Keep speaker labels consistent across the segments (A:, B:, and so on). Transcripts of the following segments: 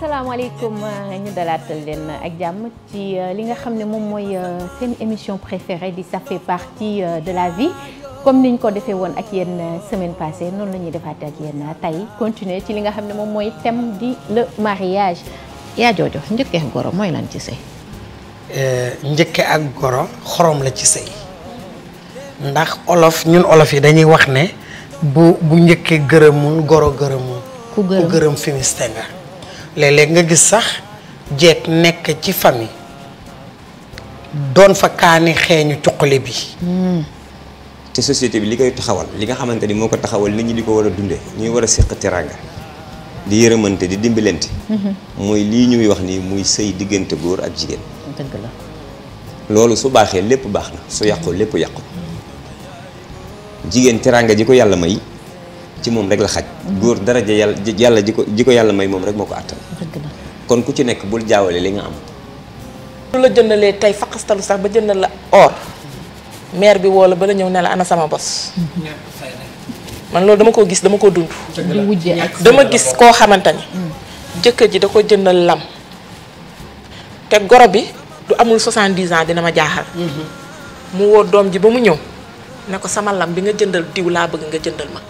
A: salaamaaleykum euh, ñu dalaatal leen ak jàmm ci euh, li nga xam ne moom mooy euh, seen émission préférée di ça fait partie de la vie comme niñ ko defee woon ak yenn semaine passée noonu la ñuy defaate ak yéen tey continuer ci li nga xam ne moom mooy thème di le mariage yaa joojo njëkkee goro mooy lan ci sëy njëkke ak goro xorom la ci sëy ndax olof ñun olof yi dañuy wax ne bu bu njëkkee gërëmul goro gërëmul
B: ku gërëm
A: féministe nga léeg-léeg nga gis sax jeeg nekk ci famille doon fa kaani xeeñu cuqale bi hmm.
B: te société bi li koy taxawal li nga xamante ni moo ko taxawal nit ñi di ko war a dundee ñuy war a séq teraanga di yërëmante di dimbalante mooy hmm. lii ñuy wax ni muy sëy diggante góor ak jigéen loolu su baaxee lépp baax na su yàqu lépp yàqu jigéen teraanga ji ko yàlla may ci moom rek la xaj góor daraja yàlla yàlla ji ko ji ko yàlla may moom rek moo ko àttan kon ku ci nekk bul jaawale li nga am
A: lu la jëndalee tey faqastalu sax ba jëndal la or maire bi woo la ba la ñëw ne la ana sama bos man loolu dama koo gis dama ko dund dama gis koo xamante ni mm. jëkkër ji da ko jëndal lam te goro bi du amul 70 ans dina ma jaaxal mm-hmm. mu woo doom ji ba mu ñëw ne ko sama lam bi nga jëndal diw laa bëgg nga jëndal ma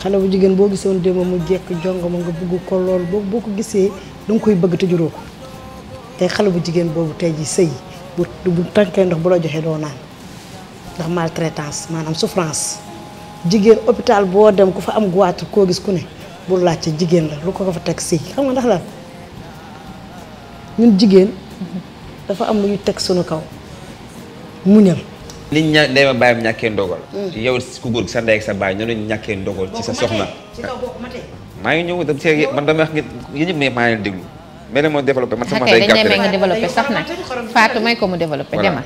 A: xale bu jigéen boo gisoon démb mu jekk jongama nga bëgg ko lool boo boo ko gisee da koy bëgg te juróo ko tey xale bu jigéen boobu tey ji sëy bu bu tànkee ndox bu la joxee doo naan ndax maltraitance maanaam souffrance jigéen hôpital boo dem ku fa am goitre koo gis ku ne bu laajte jigéen la lu ko ko fa teg sëy xam nga ndax lan ñun jigéen dafa am lu ñu teg sunu kaw muñal
B: nit ña ndey ma bàyyam ñàkkee ndogal. Mm. sa sa baay noonu ñàkkee ndogal. ci sa soxna maa ngi ñëw da man dama wax ngi yéen ñëpp mais moo développé man sama day gàtt nga développé sax
A: nag may ko mu développé demal.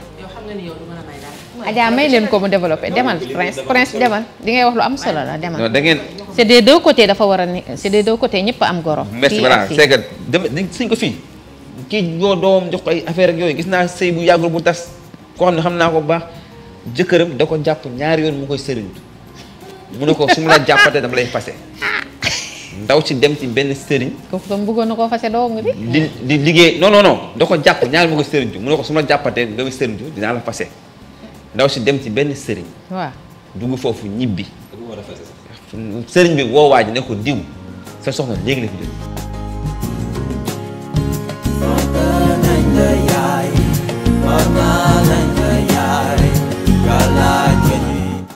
A: Adja may leen ko mu développé demal prince prince demal di ngay wax lu am solo la demal. non da ngeen. c'est des deux côtés dafa war a ni c'est des deux côtés am goro. merci
B: ko fii. kii ñoo doom ko ay yooyu gis naa sëy bu yàggul bu tas koo xam ne xam naa ko bu baax jëkkëram da ko jàpp ñaari yoon mu koy sëriñtu mu ne ko su mu la jàppatee dama lay fase ndaw ci dem ci benn sëriñ.
A: kooku tam na koo fase doomu di.
B: di liggéey non non non da ko jàpp mu ko su ma la jàppatee nga koy sëriñtu dinaa ndaw si dem ci benn sëriñ. dugg foofu ñibbi. sëriñ bi woo waa ji ne ko diw sa soxna léegi la fi jógee.